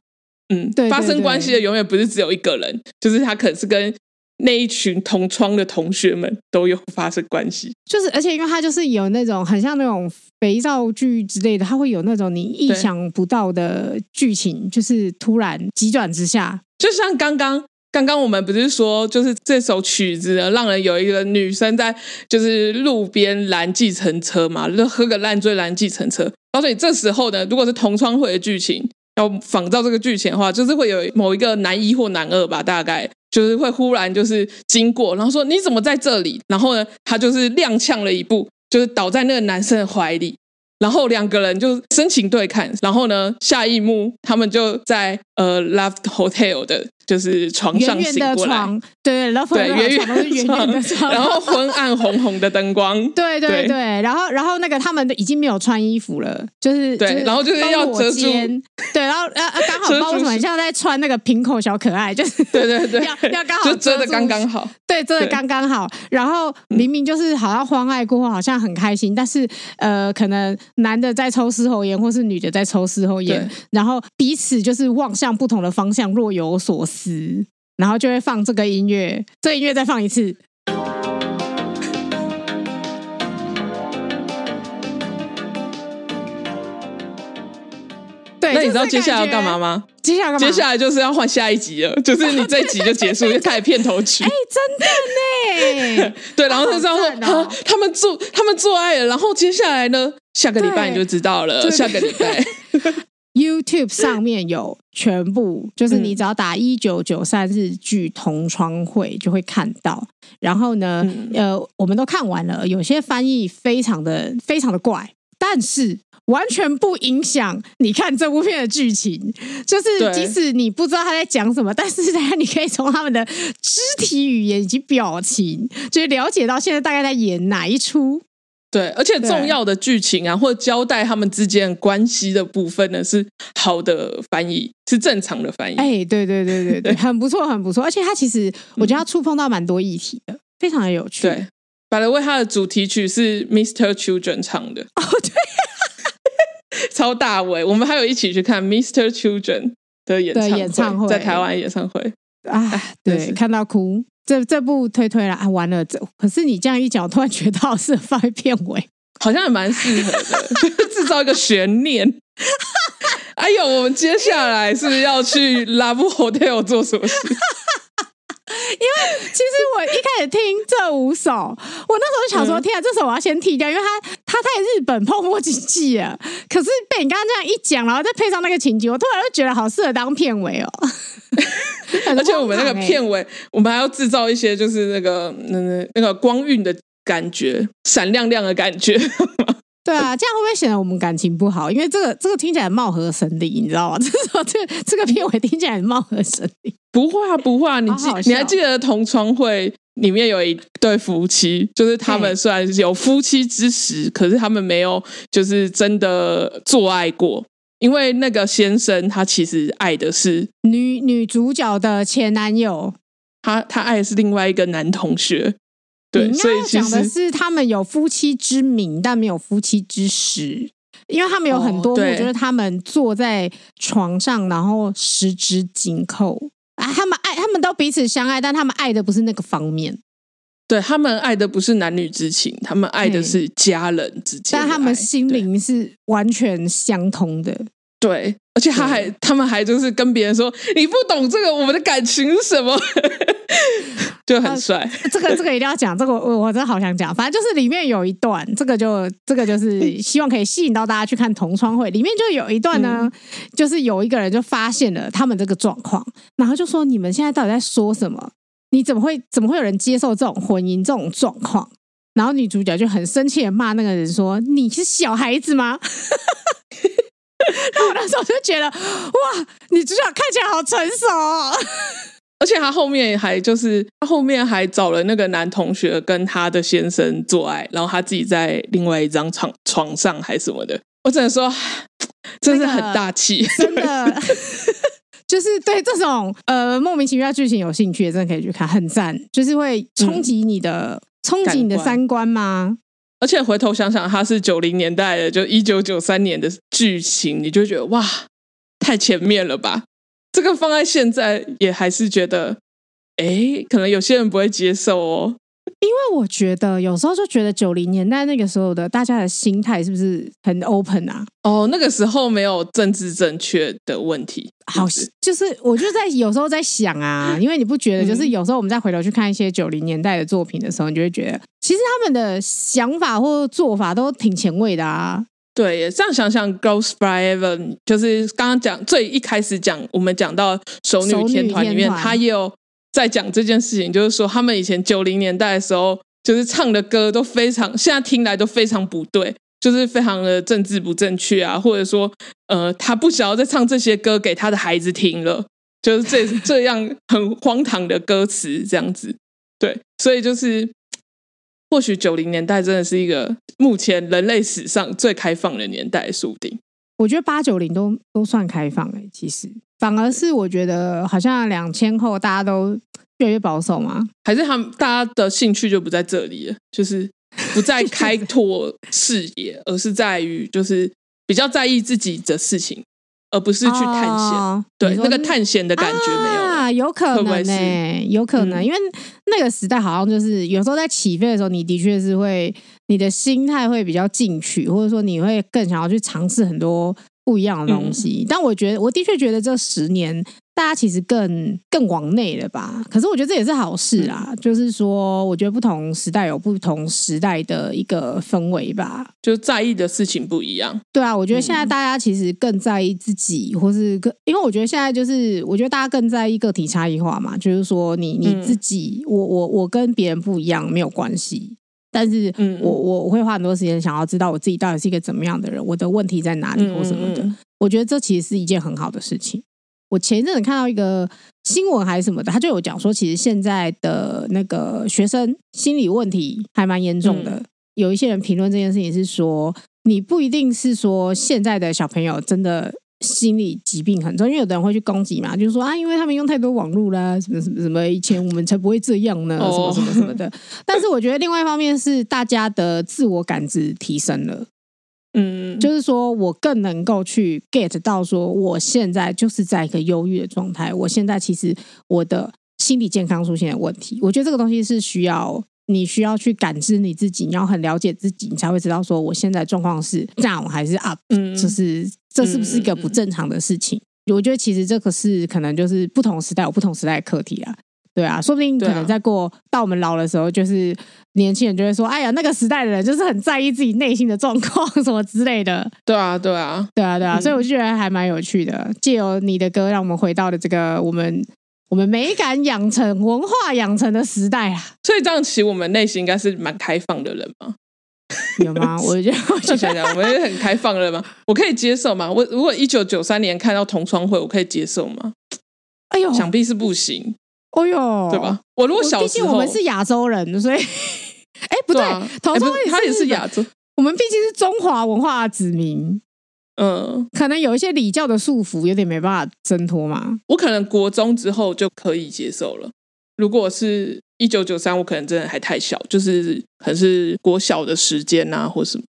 [SPEAKER 2] 嗯，對，發生關係的永遠不是只有一個人，就是他可能是跟。那一群同窗的同學們都有發生關係，
[SPEAKER 1] 就是而且因為他就是有那種很像那種肥皂劇之類的，他會有那種你意想不到的劇情，對就是突然急轉直下。
[SPEAKER 2] 就像剛剛剛剛我們不是說，就是這首曲子呢讓人有一個女生在就是路邊攔計程車嘛，喝個爛醉攔計程車。然後所以這時候呢，如果是同窗會的劇情。要仿造這個劇情的話，就是會有某一個男一或男二吧，大概就是會忽然就是經過，然後說你怎麼在這裡？然後呢，他就是踉蹌了一步，就是倒在那個男生的懷裡，然後兩個人就深情對看，然後呢，下一幕他們就在呃 Love Hotel 的。就是床上醒過來，對對，然後圓圓的床，然後昏暗紅紅的燈光，對對對，
[SPEAKER 1] 然後然後那個他們已經沒有穿衣服了，就是對，然後就是要遮肩，對，然後呃剛好包知道你像在穿那個平口小可愛，就是對對對，要要剛好遮的剛剛好，對，遮的剛剛好，然後明明就是好像歡愛過後好像很開心，但是呃可能男的在抽事後菸，或是女的在抽事後菸，然後彼此就是望向不同的方向，若有所思。死，然後就會放這個音樂，這個、音樂再放一次。對，
[SPEAKER 2] 那你知道接下來要幹嘛嗎？接下來，接下來就是要換下一集了，就是你這一集就結束， 對就開始片頭曲。哎、 欸，真的呢？ 對，然後就這樣說，哦、他他們做他們做愛了，然後接下來呢，下個禮拜你就知道了。對對，下個禮拜。
[SPEAKER 1] YouTube 上面有全部，就是你只要打“一九九三日劇同窗會”就會看到。然後呢，呃，我們都看完了，有些翻譯非常的非常的怪，但是完全不影響你看這部片的劇情。就是即使你不知道他在講什麼，但是呢，你可以從他們的肢體語言以及表情，就了解到現在大概在演哪一出。對，而且重要的
[SPEAKER 2] 劇情啊，對或者交代他們之間關係的部分呢，是好的翻譯，是正常的翻譯。哎、欸，
[SPEAKER 1] 對對對對 對，很不錯，很不錯。而且它其實、嗯、我覺得它觸碰到蠻多議題的，非常的有趣。對，
[SPEAKER 2] 《百樂威》它的主題曲是 Mister Children 唱的，哦對、啊， 超大位。我們還有一起去看 Mister Children 的演演唱會，唱會在台灣演
[SPEAKER 1] 唱會啊，對，是看到哭。這這部推推了啊！完了，這可是你這樣一腳，突然覺得好像是發在片尾，好像也蠻適合的，
[SPEAKER 2] 製造一個懸念。哎呦，我們接下來是，是要去拉布後 o t 做什麼事？
[SPEAKER 1] 因為其實我一開始聽這五首，我那時候就想說：“天啊，這首我要先踢掉，因為它它太日本、泡沫經濟了。”可是被你剛剛這樣一講，然後再配上那個情景，我突然就覺得好適合當片尾哦。
[SPEAKER 2] 而且我們那個片尾，我們還要制造一些就是那個那個光暈的感覺，閃亮亮的感覺。
[SPEAKER 1] 對啊，這樣會不會顯得我們感情不好？因為這個這個聽起來貌合神離，你知道嗎？就是這個、這個片尾聽起來貌合神離。不會啊，不會啊！你記，好好笑，你還記
[SPEAKER 2] 得《同窗會》裡面有一對夫妻，就是他們雖然有夫妻之實，嘿可是他們沒有就是真的做愛過，因為那個先生他其實愛的是
[SPEAKER 1] 女女主角的前男友，他他愛的是另外一個男同學。
[SPEAKER 2] 對，所以其實講的是
[SPEAKER 1] 他們有夫妻之名，但沒有夫妻之實，因為他們有很多幕，哦、就是他們坐在床上，然後十指緊扣啊，他們愛，他們都彼此相愛，但他們愛的不是那個方
[SPEAKER 2] 面，對，他們愛的不是男女之情，他們愛的是家人之情。
[SPEAKER 1] 但他們心靈是完全相通的。對，而且他還，對他
[SPEAKER 2] 們還就是跟別人說你不懂這個我們的感情是什麼， 就很帥。
[SPEAKER 1] 啊、這個這個一定要講，這個我，我真的好想講。反正就是裡面有一段，這個就這個就是希望可以吸引到大家去看《同窗會》。裡面就有一段呢，嗯、就是有一個人就發現了他們這個狀況，然後就說你們現在到底在說什麼？你怎麼會怎麼會有人接受這種婚姻這種狀況？然後女主角就很生氣的罵那個人說你是小孩子嗎？ 那我那時候就覺得，哇，你至少看起來好成熟，
[SPEAKER 2] 哦，而且他後面還就是，他後面還找了那個男同學跟他的先生做愛，然後他自己在另外一張床床上還什麼的，我
[SPEAKER 1] 只能說，真的很大氣，那個、對真的，就是對這種呃莫名其妙的劇情有興趣，真的可以去看，很讚，就是會衝擊你的衝擊、嗯、你的三觀嗎？
[SPEAKER 2] 而且回頭想想，他是九零年代的，就一九九三年的劇情，你就覺得哇，太前面了吧？這個放在現在也還是覺得，哎，可能有些人不會接受哦。
[SPEAKER 1] 因為我覺得有時候就覺得九零年代那個時候的大家的心態是不是很 open 啊？
[SPEAKER 2] 哦，那個時候沒有政治正確的問題，
[SPEAKER 1] 是不是？好，就是我就在有時候在想啊，因為你不覺得，就是有時候我們再回頭去看一些九零年代的作品的時候，你就會覺得。其實他們的想法或做法都挺前衛的啊。
[SPEAKER 2] 對，這樣想想 Girls 5eva 就是剛剛講最一開始講，我們講到熟女天團裡面，他也有在講這件事情，就是說他們以前九零年代的時候，就是唱的歌都非常，現在聽來都非常不對，就是非常的政治不正確啊，或者說呃，他不想要再唱這些歌給他的孩子聽了，就是這 這樣很荒唐的歌詞這樣子。對，所以就是。或許九零年代真的是一個目前人類史上最開放的年代，說不定。
[SPEAKER 1] 我覺得八九零都都算開放哎、欸，其實反而是我覺得好像兩千後大家都越來越保守嘛，還是他們
[SPEAKER 2] 大家的興趣就不在這裡了，就是不再開拓視野， 是的而是在於就是比較在意自己的事情。而不是去探險，哦、對你說，那個探險的感覺沒有啊？
[SPEAKER 1] 有可能，欸，會不會是，有可能，嗯、因為那個時代好像就是有時候在起飛的時候，你的確是會，你的心態會比較進取，或者說你會更想要去嘗試很多不一樣的東西。嗯、但我覺得，我的確覺得這十年。大家其實更更往內了吧？可是我覺得這也是好事啊。嗯、就是說，我覺得不同時代有不同時代的一個氛圍吧，就在意的事情不一樣。對啊，我覺得現在大家其實更在意自己，嗯、或是更因為我覺得現在就是，我覺得大家更在意個體差異化嘛。就是說你，你你自己，嗯、我我我跟別人不一樣沒有關係，但是我、嗯、我我會花很多時間想要知道我自己到底是一個怎麼樣的人，我的問題在哪裡或什麼的。嗯嗯，我覺得這其實是一件很好的事情。我前一陣子看到一個新聞還是什麼的，他就有講說，其實現在的那個學生心理問題還蠻嚴重的。嗯，有一些人評論這件事情是說，你不一定是說現在的小朋友真的心理疾病很重，因為有的人會去攻擊嘛，就是說啊，因為他們用太多網絡啦，什麼什麼什麼，以前我們才不會這樣呢，什麼什麼什麼的。哦， 但是我覺得另外一方面是大家的自我感知提升了。嗯，就是說我更能夠去 get 到說，我現在就是在一個憂鬱的狀態。我現在其實我的心理健康出現了問題，我覺得這個東西是需要你需要去感知你自己，你要很了解自己，你才會知道說我現在狀況是 down 還是 up，就是這是不是一個不正常的事情？我覺得其實這個是可能就是不同時代有不同時代的課題啊。對啊，說不定可能再過、啊、到我們老的時候，就是年輕人就會說：“哎呀，那個時代的人就是很在意自己內心的狀況，什麼之類的。”對啊，對啊，對啊，對啊，嗯、所以我就覺得還蠻有趣的。借由你的歌，讓我們回到了這個我們我們美感養成、文化養成的時代啊。
[SPEAKER 2] 所以這樣，其實我們內心應該是蠻開放的人嘛？
[SPEAKER 1] 有嗎？
[SPEAKER 2] 我就想想， 我們是很開放的人嗎？我可以接受嗎？我如果一九九三年看到同窗會，我可以接受嗎？哎呦，想必是不行。
[SPEAKER 1] 哦呦，對吧？我如果小時候，畢竟我們是亞洲人，所以，哎、欸，不對，陶莊、啊欸、他也是亞洲。我們畢竟是中華文化子民，嗯，可能有一些禮教的束縛，有點沒辦法掙脫嘛。
[SPEAKER 2] 我可能國中之後就可以接受了。如果是一九九三，我可能真的還太小，就是還是國小的時間啊，或什麼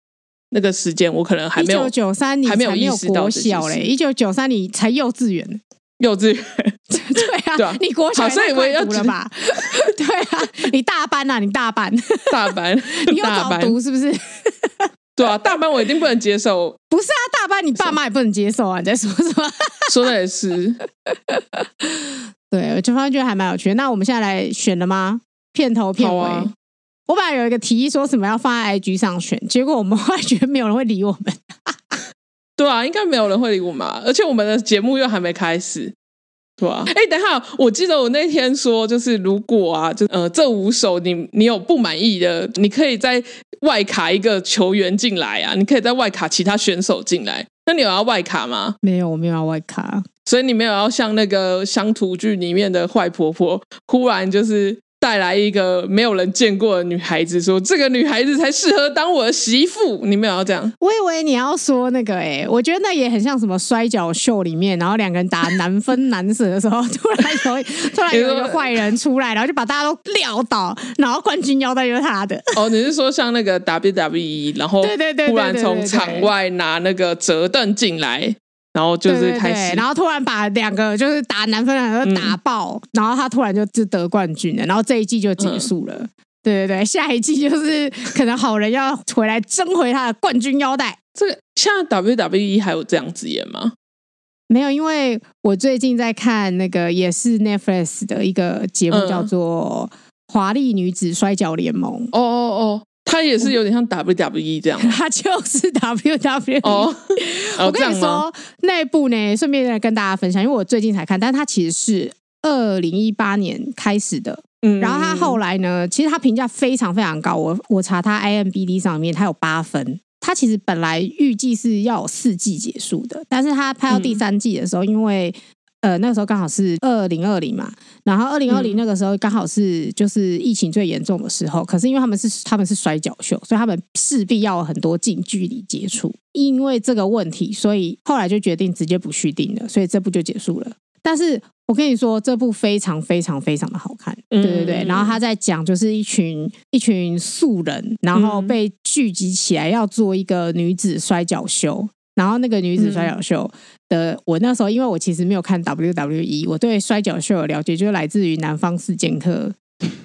[SPEAKER 2] 那個時間，我可能還沒有。一九九三年還沒有沒有國小嘞，一
[SPEAKER 1] 九九三年才幼稚園。幼稚園， 對啊，對啊，你國小太晚讀了吧？對啊，你大班啊，你大班，大班， 你又早讀是不是？大班 對啊，大班我一定不能接受。 不是啊，大班你爸媽也不能接受啊！你在說什麼？說的也是。 對，我這方面覺得還蠻有趣的。那我們現在來選了嗎？片頭片尾，好啊。我本來有一個提議，說什麼要放在 IG 上選，結果我們後來覺得沒有人會理我們。
[SPEAKER 2] 對啊，應該沒有人會理我嘛，而且我們的節目又還沒開始，對吧、啊？哎、欸，等一下，我記得我那天說，就是如果啊，就呃，這五首你你有不滿意的，你可以在外卡一個球員進來啊，你可以在外卡其他選手進來。那你有要外卡嗎？
[SPEAKER 1] 沒有，我沒有要外卡，所
[SPEAKER 2] 以你沒有要像那個鄉土劇裡面的壞婆婆，忽然就是。帶來一個沒有人見過的女孩子說，說這個女孩子才適合當我的媳婦。你們要這樣？
[SPEAKER 1] 我以為你要說那個、欸，哎，我覺得那也很像什麼摔角秀裡面，然後兩個人打難分難捨的時候，突然有突然有一個壞人出來，然後就把大家都撂倒，然後冠軍腰帶就是他的。
[SPEAKER 2] 哦，你是說像那個 WWE，然後突然從場外拿那個折凳進來。然後就是開始對對對，然後
[SPEAKER 1] 突然把兩個就是打男分兩個打爆，嗯、然後他突然就就得冠軍了，然後這一季就結束了。嗯、對對對，下一季就是可能好人要回來爭回他的冠軍腰帶。這
[SPEAKER 2] 個像 WWE 還有這樣子演嗎？
[SPEAKER 1] 沒有，因為我最近在看那個也是 Netflix 的一個節目，叫做《華麗女子摔角聯盟》。哦哦哦。他也是有點像 WWE 這樣，他就是 WWE。哦，我跟你說，那部呢，順便來跟大家分享，因為我最近才看，但他其實是二零一八年開始的，嗯，然後他後來呢，其實他評價非常非常高，我我查他 IMBD 上面，他有八分，他其實本來預計是要有四季結束的，但是他拍到第三季的時候，因為、嗯。呃，那個時候剛好是二零二零嘛，然後二零二零那個時候剛好是就是疫情最嚴重的時候，嗯、可是因為他們是他們是摔角秀，所以他們勢必要很多近距離接觸，因為這個問題，所以後來就決定直接不續訂了，所以這部就結束了。但是我跟你說，這部非常非常非常的好看，嗯、對對對。然後他在講就是一群一群素人，然後被聚集起來要做一個女子摔角秀。然後那個女子摔角秀的，嗯、我那時候因為我其實沒有看 WWE，我對摔角秀的了解，就來自於《南方四賤客》，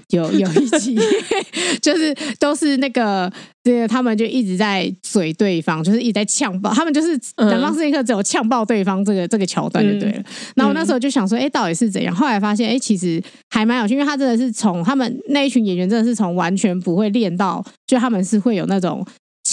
[SPEAKER 1] 有有一集， 就是都是那個，對，他們就一直在嘴對方，就是一直在嗆爆，他們就是《南方四賤客》只有嗆爆對方這個、嗯、這個橋段就對了。嗯、然後我那時候就想說，哎，到底是怎樣？後來發現，哎，其實還蠻有趣，因為他真的是從他們那一群演員真的是從完全不會練到，就他們是會有那種。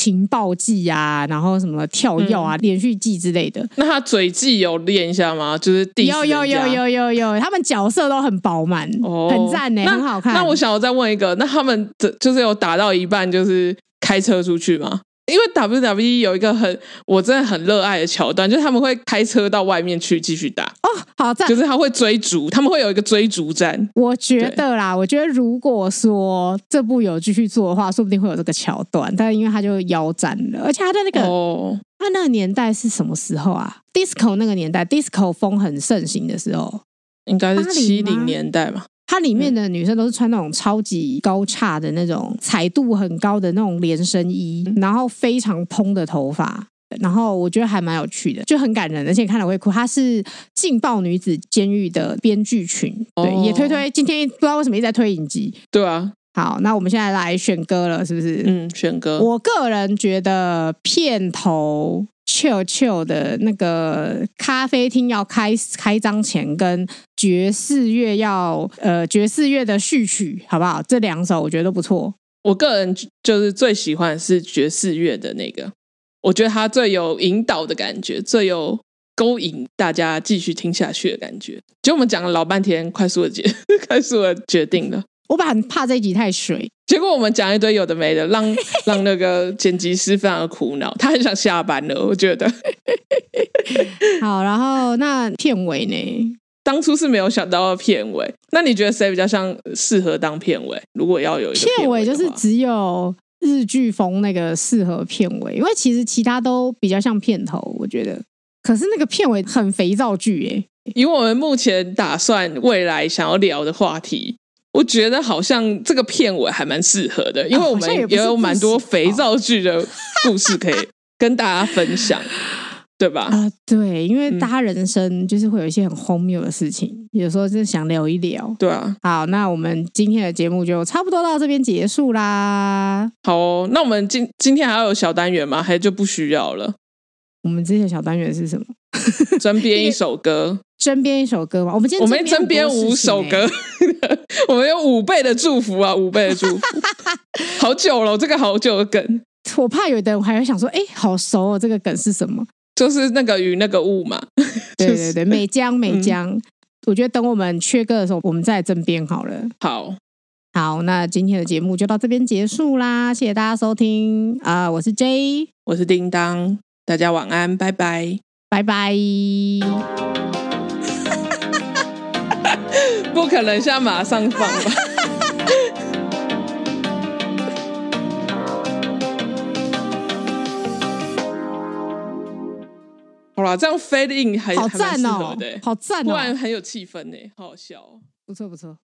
[SPEAKER 1] 情報技啊，然後什麼跳躍啊、嗯、連續技之類的，
[SPEAKER 2] 那他嘴技有練一下嗎？就是有，有有有
[SPEAKER 1] 有有有，他們角色都很飽滿，哦、很讚誒、欸，那很好看。那我想我再問一個，
[SPEAKER 2] 那他們就是有打到一半就是開車出去嗎？因為 WWE 有一個很，我真的很熱愛的橋段，就是他們會開車到外面去繼續打。哦，好，就是他會追逐，他們會有一個追逐戰。
[SPEAKER 1] 我覺得啦，對我覺得如果說這部有繼續做的話，說不定會有這個橋段。但是因為他就腰斬了，而且他在那個哦，他那個年代是什麼時候啊？Disco 那個年代，Disco 風很盛行的時候，
[SPEAKER 2] 應該是七零年代吧。
[SPEAKER 1] 裡面的女生都是穿那種超級高叉的那種彩度很高的那種連身衣，然後非常蓬的頭髮，然後我覺得還蠻有趣的，就很感人，而且看了會哭。她是勁爆女子監獄的編劇群，哦、對，也推推。今天不知道為什麼一直在推影集，對啊。好，那我們現在來選歌了，是不是？嗯，選歌。我個人覺得片頭。Chill Chill 的那個咖啡廳要開開張前，跟爵士樂要呃爵士樂的序曲，好不好？這兩首我覺得都不錯。
[SPEAKER 2] 我個人就是最喜歡是爵士樂的那個，我覺得它最有引導的感覺，最有勾引大家繼續聽下去的感覺。就我們講了老半天，快速的解，快速的決定了。
[SPEAKER 1] 我很怕這一集太水，
[SPEAKER 2] 結果我們講一堆有的沒的，讓讓那個剪輯師非常的苦惱，他很想
[SPEAKER 1] 下班了。我覺得 好，然後那片尾呢？
[SPEAKER 2] 當初是沒有想到要片尾，那你覺得誰比較像適合當片尾？如果要有一片尾，片尾
[SPEAKER 1] 就是只有日劇風那個適合片尾，因為其實其他都比較像片頭，我覺得。可是那個片尾很肥皂劇耶，以我
[SPEAKER 2] 們目前打算未來想要聊的話題。我覺得好像這個片尾還蠻適合的，因為我們也有蠻多肥皂劇的故事可以跟大家分享，對吧？啊、
[SPEAKER 1] 呃，對，因為大家人生就是會有一些很荒謬的事情，有時候就是想聊一聊。嗯、對啊，好，那我們今天的節目就差不多到這邊結束啦。
[SPEAKER 2] 好、哦，那我們今今天還要有小單元嗎？還就不需要了？
[SPEAKER 1] 我們之前小單元是什麼？
[SPEAKER 2] 徵編一首歌，
[SPEAKER 1] 徵編一首歌嗎？我們今天編，欸，我們徵編五首歌，
[SPEAKER 2] 我們有五倍的祝福啊，五倍的祝福。 好久了，這個好久的梗，
[SPEAKER 1] 我怕有的人還會想說，哎，欸，好熟哦，這個梗是什麼？
[SPEAKER 2] 就是那個雲，那個霧嘛。對對
[SPEAKER 1] 對，美江美江，嗯，我覺得等我們缺歌的時候，我們再來徵編好了。好，好，那今天的節目就到這邊結束啦，謝謝大家收聽啊！Uh, 我是 J，我是叮當。大家晚安，拜拜，拜拜 bye。
[SPEAKER 2] 不可能，現在馬上放吧。 好啦，這樣 fade、喔、in 還蠻適合的，好讚、喔，不然很有氣氛呢、欸，好,好笑，不錯不錯。